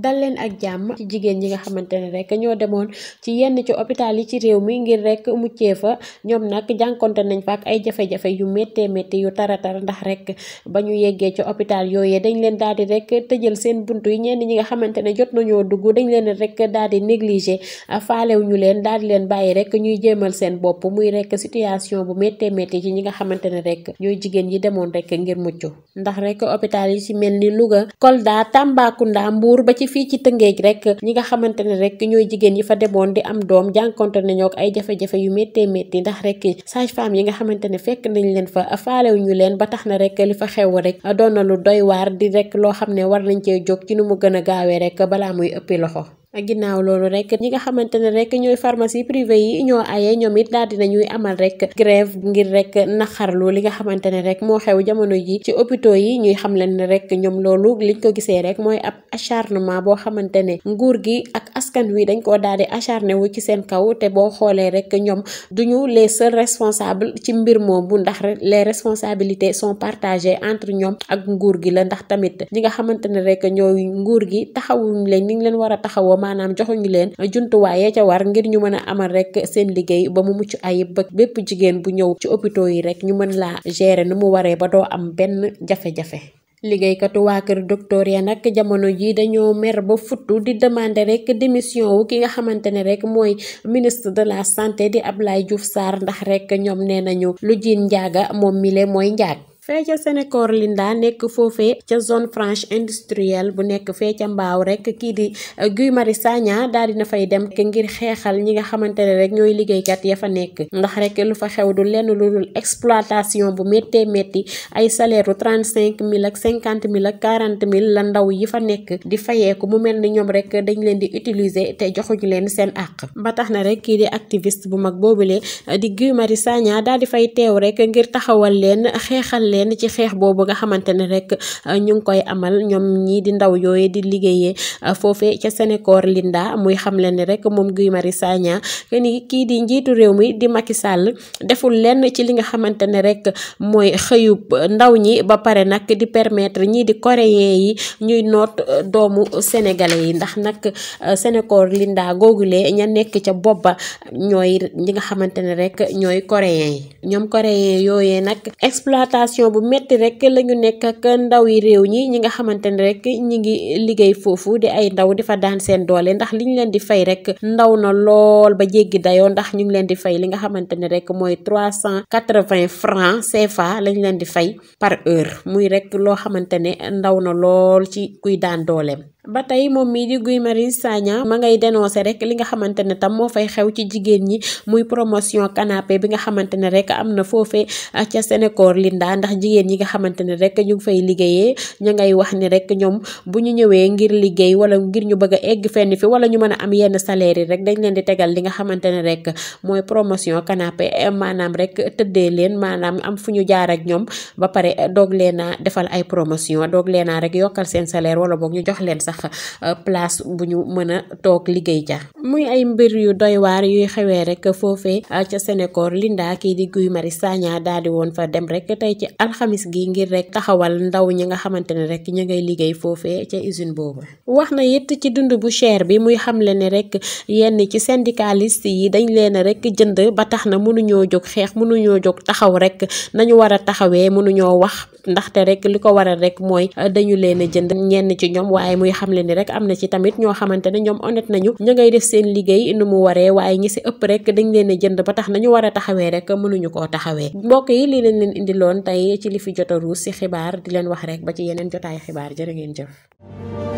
dal leen ak jàmm ci jigéen ñi nga xamante ne rek ñoo demoon ci yenn ci hôpital yi ci réew mi ngir rek muccee fa ñoom nag jànkonte nañ fa ak ay jafe yu méttee métti yu taratar ndax rek ba ñu yeggee ci hôpital yooyee dañ leen daal di rek tëjal seen buntu yi ñenn ñi nga xamante ne jot nañoo dugg dañ leen rek daal di négligé faalew leen daal di leen bàyyi rek ñuy jéemal seen bopp muy rek situation bu méttee métti ci ñi nga xamante ne rek ñooy jigéen yi demoon rek ngir mucc ndax rek hôpital yi ci mel ni Louga Kolda Tambacounda Mbour ba ci fii ci tëngéej rek ñi nga xamante ne rek ñooy jigéen yi fa demoon di am doom jànkonte nañoo ak ay jafe-jafe yu méttee métti ndax rek sage femme yi nga xamante ne fekk nañ leen fa faalew ñu leen ba tax na rek li fa xew rek doon na lu doy waar di rek loo xam ne war nañ cee jóg ci nu mu gën a gaawee rek balaa muy ëppi loxo ak ginnaaw loolu rek ñi nga xamante ne rek ñooy pharmacie privé yi ñoo aye ñoom it daal amal rek grève ngir rek naxarlu li nga xamante ne rek moo xew jamono ji ci hôpitaux yi ñuy xam leen ne rek ñoom loolu liñ ko gisee rek mooy boo xamante ne nguur gi ak askan wi dañ koo daal di acharné wu ci seen kaw te boo xoolee rek ñoom duñu les seuls ci mbir moomu ndax les responsabilités sont partagées entre ñoom ak nguur gi la ndax tamit ñi nga xamante ne rek ñooy nguur gi taxawuñ leen ni ñu leen war a taxawoo maanaam joxuñu leen jumtuwaay ya ca war ngir ñu mën a amal rek seen liggéey ba mu mucc ayib ba bépp jigéen bu ñëw ci hôpitaux yi rek ñu mën laa gérer nu mu waree ba doo am benn jafe-jafe. liggéeykatu waa kër docteur ya nag jamono ji dañoo mer ba futtu di demander rek démission wu ki nga xamante ne rek mooy ministre de la santé di Abdoulaye Diouf saar ndax rek ñoom nee nañu lu jiin njaaga moom mile mooy njaag. fee ca Sénécor Linda nekk foofee ca zone franche industrielle bu nekk fee ca mbaaw rek kii di eh, Guy Marius Sagna daal dina fay dem ngir xeexal ñi nga xamante ne rek ñooy liggéeykat ya fa nekk ndax rek lu fa xew du lenn lu exploitation bu méttee métti ay salaire trente cinq mille ak cinquante mille quarante mille la ndaw yi fa nekk di fayeeku mu mel ni ñoom rek dañ leen di utiliser te joxuñu leen seen àq tax na rek kii bu mag boobule eh, di di fay teew rek ngir taxawal leen xeexal leen leen ci xeex boobu nga xamante ne rek euh, ñu ngi koy amal ñoom ñii di ndaw yooyu di liggéeyee euh, foofe ca Sénécor lindaa muy xamle ni rek moom Guy Marius Sagna ni kii di njiitu réew mi di Macky Sall deful lenn ci li nga xamante ne rek mooy xëyu ndaw ñi ba pare nag di permettre ñii di coréen yi ñuy noot euh, doomu sénégalais yi ndax nag Sénécor lindaa googulee ña nekk ca bopp ba ñooy ñi nga xamante ne rek ñooy coréen yi ñoom coréen yooyee nag exploitation coono bu metti rek la ñu nekk ak ndaw yi réew ñi ñi nga xamante ne rek ñi ngi liggéey foofu di ay ndaw di daan seen doole ndax li ñu leen di fay rek ndaw na lool ba jéggi dayoo ndax ñu ngi leen di fay li nga xamante ne rek mooy trois cent quatre-vingts francs CFA lañ leen di fay par heure muy rek loo xamante ne ndaw na lool ci kuy daan dooleem ba tey moom mii di Guy Marius Sagna ma ngay dénoncé rek li nga xamante ne tam moo fay xew ci jigéen ñi muy promotion canapé bi nga xamante ne rek am na foofee ah, ca Sénécor Linda ndax jigéen ñi nga xamante ne rek ñu fay liggéeyee ña ngay wax ni rek ñoom bu ñu ñëwee ngir liggéey wala ngir ñu bëgg egg fenn fi wala ñu mën a am yenn salaire yi rek dañ leen di tegal li nga xamante ne rek mooy promotion canapé eh, maanaam rek tëddee leen maanaam am fu ñu jaar ak ñoom ba pare doog leen a defal ay promotion doog leen a rek yokkal seen salaire wala boog ñu jox leen sax euh, bu ñu mën a toog liggéey ja muy ay mbir yu doy waar yuy xewee rek foofe euh, ca Sénégal Linda kii di Guy Marius Sagna daal woon fa dem rek tey ci alxamis gi ngir rek taxawal ndaw ñi nga xamante ne rek ñu ngay liggéey foofee ca usine boobu. wax na it ci dund bu cher bi muy xamle ni rek yenn ci syndicaliste yi dañ leen rek jënd ba tax na mënuñoo jóg xeex mënuñoo jóg taxaw rek nañu war a taxawee mënuñoo wax ndaxte rek li ko waral rek mooy euh, a xam xamle ni rek am na ci tamit ñoo xamante ne ñoom honnête nañu ñu ngay def seen liggéey nu mu waree waaye ñi si ëpp rek dañ leen a jënd ba tax nañu war a taxawee rek mënuñu koo taxawee mbokk yi lii leen leen indiloon tey ci li fi jot a ruus si xibaar di leen wax rek ba ci yeneen jotaay xibaar jërë ngeen jëf